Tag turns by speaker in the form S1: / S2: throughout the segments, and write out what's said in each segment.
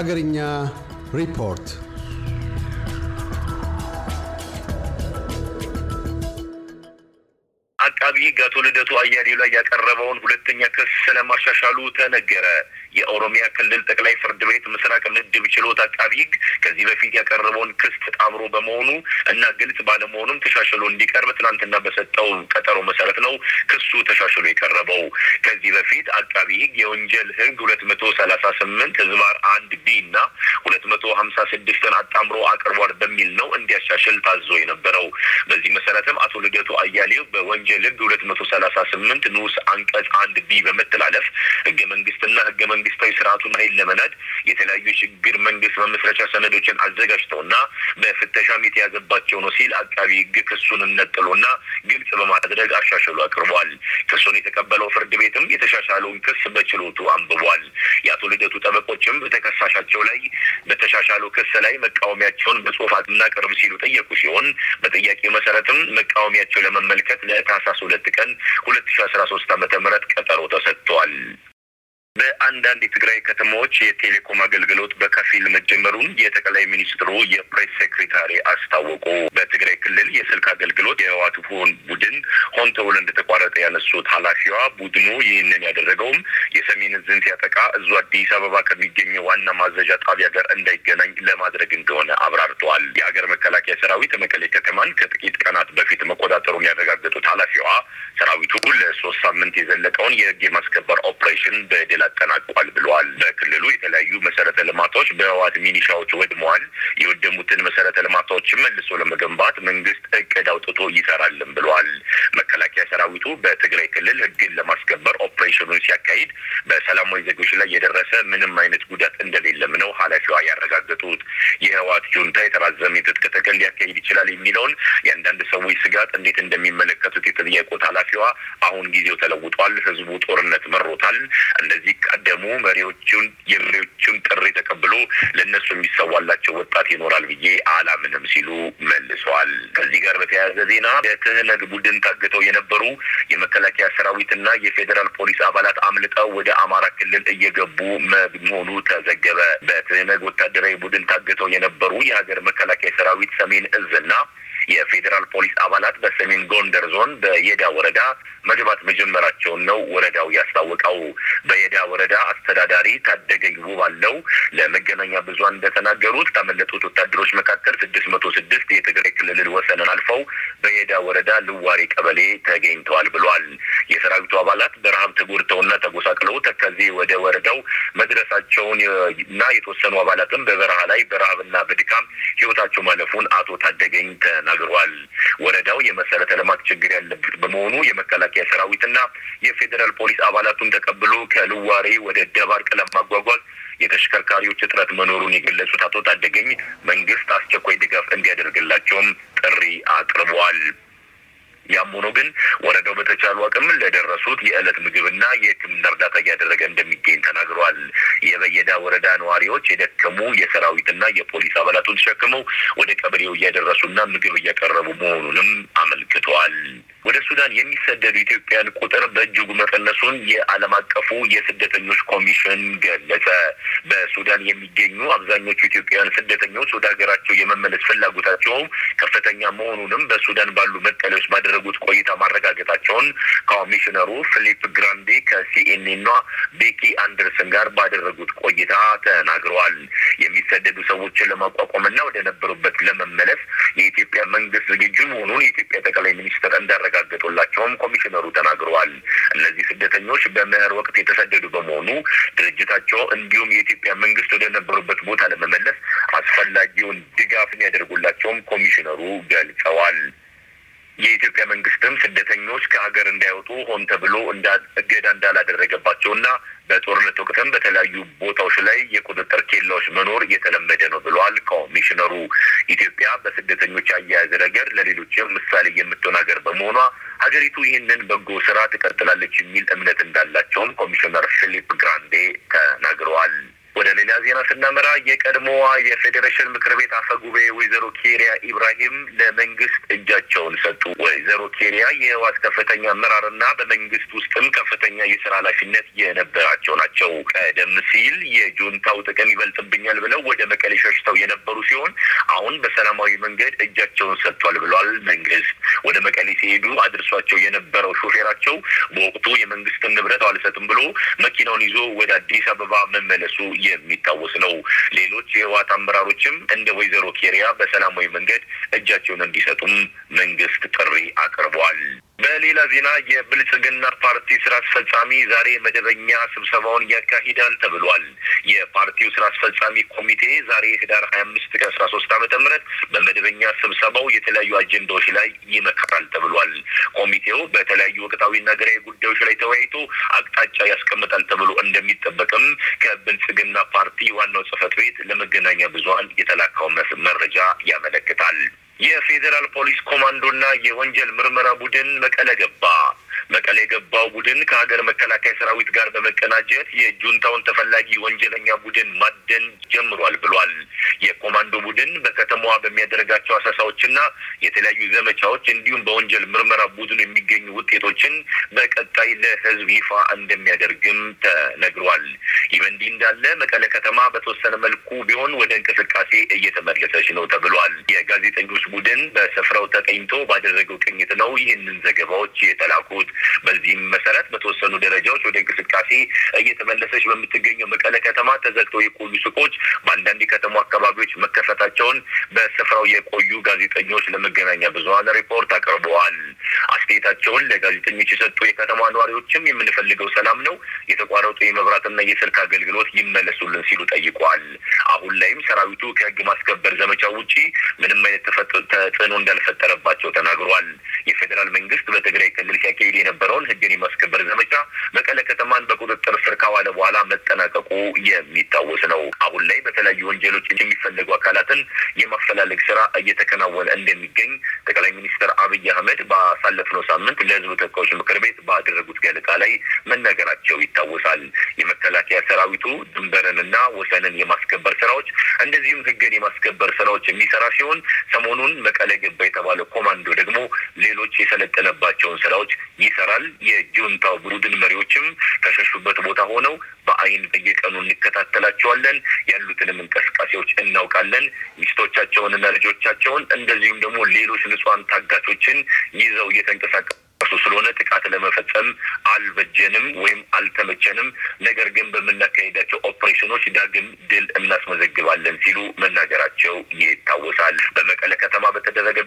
S1: Hagarinya Report አብይ አቶ ልደቱ አያሌው ላይ ያቀረበውን ሁለተኛ ክስ ስለማሻሻሉ ተነገረ። የኦሮሚያ ክልል ጠቅላይ ፍርድ ቤት ምስራቅ ምድብ ችሎት አቃቢ ከዚህ በፊት ያቀረበውን ክስ ተጣምሮ በመሆኑ እና ግልጽ ባለመሆኑም ተሻሽሎ እንዲቀርብ ትናንትና በሰጠው ቀጠሮ መሰረት ነው ክሱ ተሻሽሎ የቀረበው። ከዚህ በፊት አቃቢ የወንጀል ህግ ሁለት መቶ ሰላሳ ስምንት ህዝባር አንድ ቢ እና ሁለት መቶ ሀምሳ ስድስትን አጣምሮ አቅርቧል በሚል ነው እንዲያሻሽል ታዞ የነበረው። በዚህ መሰረትም አቶ ልደቱ አያሌው በወንጀል ህግ ሁለት መቶ ሰላሳ ስምንት ንዑስ አንቀጽ አንድ ቢ በመተላለፍ ህገ መንግስትና ህገ መንግስታዊ ስርዓቱን ኃይል ለመናድ የተለያዩ የሽግግር መንግስት መመስረቻ ሰነዶችን አዘጋጅተውና በፍተሻም የተያዘባቸው ነው ሲል አቃቢ ህግ ክሱን ነጥሎና ግልጽ በማድረግ አሻሽሎ አቅርቧል። ክሱን የተቀበለው ፍርድ ቤትም የተሻሻለውን ክስ በችሎቱ አንብቧል። የአቶ ልደቱ ጠበቆችም በተከሳሻቸው ላይ በተሻሻሉ ክስ ላይ መቃወሚያቸውን በጽሁፍ እናቅርብ ሲሉ ጠየቁ ሲሆን በጥያቄ መሰረትም መቃወሚያቸው ለመ በመመልከት ለታህሳስ ሁለት ቀን ሁለት ሺ አስራ ሶስት አመተ ምህረት ቀጠሮ ተሰጥቷል። በአንዳንድ የትግራይ ከተማዎች የቴሌኮም አገልግሎት በከፊል መጀመሩን የጠቅላይ ሚኒስትሩ የፕሬስ ሴክሬታሪ አስታወቁ። በትግራይ ክልል የስልክ አገልግሎት የህወሓት ቡድን ሆን ተብሎ እንደተቋረጠ ያነሱት ኃላፊዋ ቡድኑ ይህንን ያደረገውም የሰሜን ዝን ሲያጠቃ እዙ አዲስ አበባ ከሚገኘው ዋና ማዘዣ ጣቢያ ጋር እንዳይገናኝ ለማድረግ እንደሆነ አብራርተዋል። የሀገር መከላከያ ሰራዊት መቀሌ ከተማን ከጥቂት ቀናት በፊት መቆጣጠሩን ያረጋገጡት ኃላፊዋ ሰራዊቱ ለሶስት ሳምንት የዘለቀውን የህግ የማስከበር ኦፕሬሽን በድል አጠናቋል ብለዋል። በክልሉ የተለያዩ መሰረተ ልማቶች በህወሓት ሚኒሻዎች ወድመዋል። የወደሙትን መሰረተ ልማቶች መልሶ ለመገንባት መንግስት እቅድ አውጥቶ ይሰራልን ብለዋል። መከላከያ ሰራዊቱ በትግራይ ክልል ህግን ለማስከበር ኦፕሬሽኑን ሲያካሂድ በሰላማዊ ዜጎች ላይ የደረሰ ምንም አይነት ጉዳት እንደሌለም ነው ኃላፊዋ ያረጋገጡት። የህወሓት ጁንታ የተራዘመ የትጥቅ ትግል ሊያካሂድ ይችላል የሚለውን የአንዳንድ ሰዎች ስጋት እንዴት እንደሚመለከቱት የተጠየቁት ኃላፊዋ አሁን ጊዜው ተለውጧል፣ ህዝቡ ጦርነት መሮታል፣ እንደዚህ ቀደሙ መሪዎቹን የመሪዎቹን ጥሪ ተቀብሎ ለእነሱ የሚሰዋላቸው ወጣት ይኖራል ብዬ አላምንም ሲሉ መልሰዋል። ከዚህ ጋር በተያያዘ ዜና የክህነግ ቡድን ታግተው የነበሩ የመከላከያ ሰራዊትና የፌዴራል ፖሊስ አባላት አምልጠው ወደ አማራ ክልል እየገቡ መሆኑ ተዘገበ። በተመግ ወታደራዊ ቡድን ታግተው የነበሩ የሀገር መከላከያ ሰራዊት ሰሜን እዝና የፌዴራል ፖሊስ አባላት በሰሜን ጎንደር ዞን በየዳ ወረዳ መግባት መጀመራቸውን ነው ወረዳው ያስታወቀው። በየዳ ወረዳ አስተዳዳሪ ታደገኝ ባለው ለመገናኛ ብዙሃን እንደተናገሩት ካመለጡት ወታደሮች መካከል ስድስት መቶ ስድስት የትግራይ ክልል ወሰንን አልፈው በየዳ ወረዳ ልዋሪ ቀበሌ ተገኝተዋል ብሏል። የሰራዊቱ አባላት በረሀብ ተጎድተውና ተጎሳቅለው ተከዜ ወደ ወረዳው መድረሳቸውን እና የተወሰኑ አባላትም በበረሃ ላይ በረሀብና በድካም ህይወታቸው ማለፉን አቶ ታደገኝ ተናግረዋል። ተናግረዋል። ወረዳው የመሰረተ ልማት ችግር ያለበት በመሆኑ የመከላከያ ሰራዊትና የፌዴራል ፖሊስ አባላቱን ተቀብሎ ከልዋሬ ወደ ደባርቅ ለማጓጓዝ የተሽከርካሪዎች እጥረት መኖሩን የገለጹት አቶ ታደገኝ መንግስት አቅም ለደረሱት የዕለት ምግብና የሕክምና እርዳታ እያደረገ እንደሚገኝ ተናግረዋል። የበየዳ ወረዳ ነዋሪዎች የደከሙ የሰራዊትና የፖሊስ አባላቱን ተሸክመው ወደ ቀበሌው እያደረሱና ምግብ እያቀረቡ መሆኑንም አመልክተዋል። ወደ ሱዳን የሚሰደዱ ኢትዮጵያን ቁጥር በእጅጉ መቀነሱን የዓለም አቀፉ የስደተኞች ኮሚሽን ገለጸ። በሱዳን የሚገኙ አብዛኞቹ ኢትዮጵያውያን ስደተኞች ወደ ሀገራቸው የመመለስ ፍላጎታቸው ከፍተኛ መሆኑንም በሱዳን ባሉ መጠለያዎች ባደረጉት ቆይታ ማረጋገጣቸውን ኮሚሽነሩ ፊሊፕ ግራንዴ ከሲኤንኤንና ቤኪ አንደርሰን ጋር ባደረጉት ቆይታ ተናግረዋል። የሚሰደዱ ሰዎችን ለማቋቋምና ወደ ነበሩበት ለመመለስ የኢትዮጵያ መንግስት ዝግጁ መሆኑን የኢትዮጵያ ጠቅላይ ሚኒስትር እንዳረጋገጡላቸውም ኮሚሽነሩ ተናግረዋል። እነዚህ ስደተኞች በመር ወቅት የተሰደዱ በመሆኑ ድርጅታቸው እንዲሁም የኢትዮጵያ መንግስት ወደ ነበሩበት ቦታ ለመመለስ አስፈላጊውን ድጋፍን ያደርጉላቸውም ኮሚሽነሩ ገልጸዋል። የኢትዮጵያ መንግስትም ስደተኞች ከሀገር እንዳይወጡ ሆን ተብሎ እገዳ እንዳላደረገባቸው እና በጦርነት ወቅትም በተለያዩ ቦታዎች ላይ የቁጥጥር ኬላዎች መኖር እየተለመደ ነው ብለዋል ኮሚሽነሩ። ኢትዮጵያ በስደተኞች አያያዝ ረገድ ለሌሎችም ምሳሌ የምትሆን ሀገር በመሆኗ ሀገሪቱ ይህንን በጎ ስራ ትቀጥላለች የሚል እምነት እንዳላቸውም ኮሚሽነር ፊሊፕ ግራንዴ ተናግረዋል። ወደ ሌላ ዜና ስናመራ የቀድሞዋ የፌዴሬሽን ምክር ቤት አፈ ጉባኤ ወይዘሮ ኬሪያ ኢብራሂም ለመንግስት እጃቸውን ሰጡ። ወይዘሮ ኬሪያ የህወሓት ከፍተኛ አመራርና በመንግስት ውስጥም ከፍተኛ የስራ ኃላፊነት የነበራቸው ናቸው። ቀደም ሲል የጁንታው ጥቅም ይበልጥብኛል ብለው ወደ መቀሌ ሸሽተው የነበሩ ሲሆን አሁን በሰላማዊ መንገድ እጃቸውን ሰጥቷል ብሏል መንግስት። ወደ መቀሌ ሲሄዱ አድርሷቸው የነበረው ሾፌራቸው በወቅቱ የመንግስትን ንብረት አልሰጥም ብሎ መኪናውን ይዞ ወደ አዲስ አበባ መመለሱ የሚታወስ ነው። ሌሎች የህወሓት አመራሮችም እንደ ወይዘሮ ኬሪያ በሰላማዊ መንገድ እጃቸውን እንዲሰጡም መንግስት ጥሪ አቅርቧል። በሌላ ዜና የብልጽግና ፓርቲ ስራ አስፈጻሚ ዛሬ መደበኛ ስብሰባውን ያካሂዳል ተብሏል። የፓርቲው ስራ አስፈጻሚ ኮሚቴ ዛሬ ህዳር ሀያ አምስት ቀን አስራ ሶስት አመተ ምህረት በመደበኛ ስብሰባው የተለያዩ አጀንዳዎች ላይ ይመክራል ተብሏል። ኮሚቴው በተለያዩ ወቅታዊና ሀገራዊ ጉዳዮች ላይ ተወያይቶ አቅጣጫ ያስቀምጣል ተብሎ እንደሚጠበቅም ከብልጽግና ፓርቲ ዋናው ጽህፈት ቤት ለመገናኛ ብዙሀን የተላካው መረጃ ያመለክታል። የፌዴራል ፖሊስ ኮማንዶና የወንጀል ምርመራ ቡድን መቀለ ገባ። መቀሌ የገባው ቡድን ከሀገር መከላከያ ሰራዊት ጋር በመቀናጀት የጁንታውን ተፈላጊ ወንጀለኛ ቡድን ማደን ጀምሯል ብሏል። የኮማንዶ ቡድን በከተማዋ በሚያደርጋቸው አሳሳዎችና የተለያዩ ዘመቻዎች እንዲሁም በወንጀል ምርመራ ቡድኑ የሚገኙ ውጤቶችን በቀጣይ ለህዝብ ይፋ እንደሚያደርግም ተነግሯል። ይህ በእንዲህ እንዳለ መቀለ ከተማ በተወሰነ መልኩ ቢሆን ወደ እንቅስቃሴ እየተመለሰች ነው ተብሏል። የጋዜጠኞች ቡድን በስፍራው ተገኝቶ ባደረገው ቅኝት ነው ይህንን ዘገባዎች የተላኩት። በዚህም መሰረት በተወሰኑ ደረጃዎች ወደ እንቅስቃሴ እየተመለሰች በምትገኘው መቀለ ከተማ ተዘግተው የቆዩ ሱቆች በአንዳንድ የከተማ አካባቢዎች መከፈታቸውን በስፍራው የቆዩ ጋዜጠኞች ለመገናኛ ብዙሀን ሪፖርት አቅርበዋል። አስተያየታቸውን ለጋዜጠኞች የሰጡ የከተማ ነዋሪዎችም የምንፈልገው ሰላም ነው፣ የተቋረጡ የመብራትና የስልክ አገልግሎት ይመለሱልን ሲሉ ጠይቋል። አሁን ላይም ሰራዊቱ ከህግ ማስከበር ዘመቻው ውጪ ምንም አይነት ተጽዕኖ እንዳልፈጠረባቸው ተናግሯል። የፌዴራል መንግስት በትግራይ ክልል ሲያካሄድ የነበረውን ህግን የማስከበር ዘመቻ መቀለ ከተማን በቁጥጥር ስር ካዋለ በኋላ መጠናቀቁ የሚታወስ ነው። አሁን ላይ በተለያዩ ወንጀሎች የሚፈለጉ አካላትን የማፈላለግ ስራ እየተከናወነ እንደሚገኝ ጠቅላይ ሚኒስትር አብይ አህመድ ባሳለፍነው ሳምንት ለህዝብ ተወካዮች ምክር ቤት ባደረጉት ገለጻ ላይ መናገራቸው ይታወሳል። የመከላከያ ሰራዊቱ ድንበርንና ወሰንን የማስከበር ስራዎች እንደዚሁም ህግን የማስከበር ስራዎች የሚሰራ ሲሆን ሰሞኑን መቀለ ገባ የተባለ ኮማንዶ ደግሞ ሌሎች የሰለጠነባቸውን ስራዎች ይሰራል። የጁንታው ቡድን መሪዎችም ከሸሹበት ቦታ ሆነው በአይን በየቀኑ እንከታተላቸዋለን። ያሉትንም እንቅስቃሴዎች እናውቃለን። ሚስቶቻቸውንና ልጆቻቸውን እንደዚሁም ደግሞ ሌሎች ንጹሐን ታጋቾችን ይዘው እየተንቀሳቀሱ ስለሆነ ጥቃት ለመፈጸም አልበጀንም ወይም አልተመቸንም። ነገር ግን በምናካሄዳቸው ኦፕሬሽኖች ዳግም ድል እናስመዘግባለን ሲሉ መናገራቸው ይታወሳል። በመቀለ ከተማ በተደረገ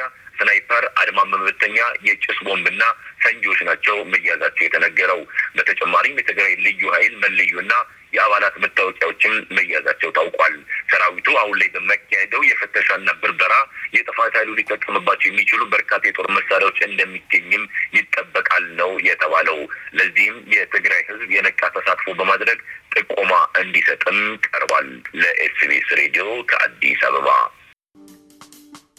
S1: መሳሪያ ስናይፐር፣ አድማ መበተኛ፣ የጭስ ቦምብና ፈንጂዎች ናቸው መያዛቸው የተነገረው። በተጨማሪም የትግራይ ልዩ ኃይል መለዮና የአባላት መታወቂያዎችም መያዛቸው ታውቋል። ሰራዊቱ አሁን ላይ በመካሄደው የፍተሻና ብርበራ የጥፋት ኃይሉ ሊጠቀምባቸው የሚችሉ በርካታ የጦር መሳሪያዎች እንደሚገኝም ይጠበቃል ነው የተባለው። ለዚህም የትግራይ ሕዝብ የነቃ ተሳትፎ በማድረግ ጥቆማ እንዲሰጥም ቀርቧል። ለኤስቢኤስ ሬዲዮ ከአዲስ አበባ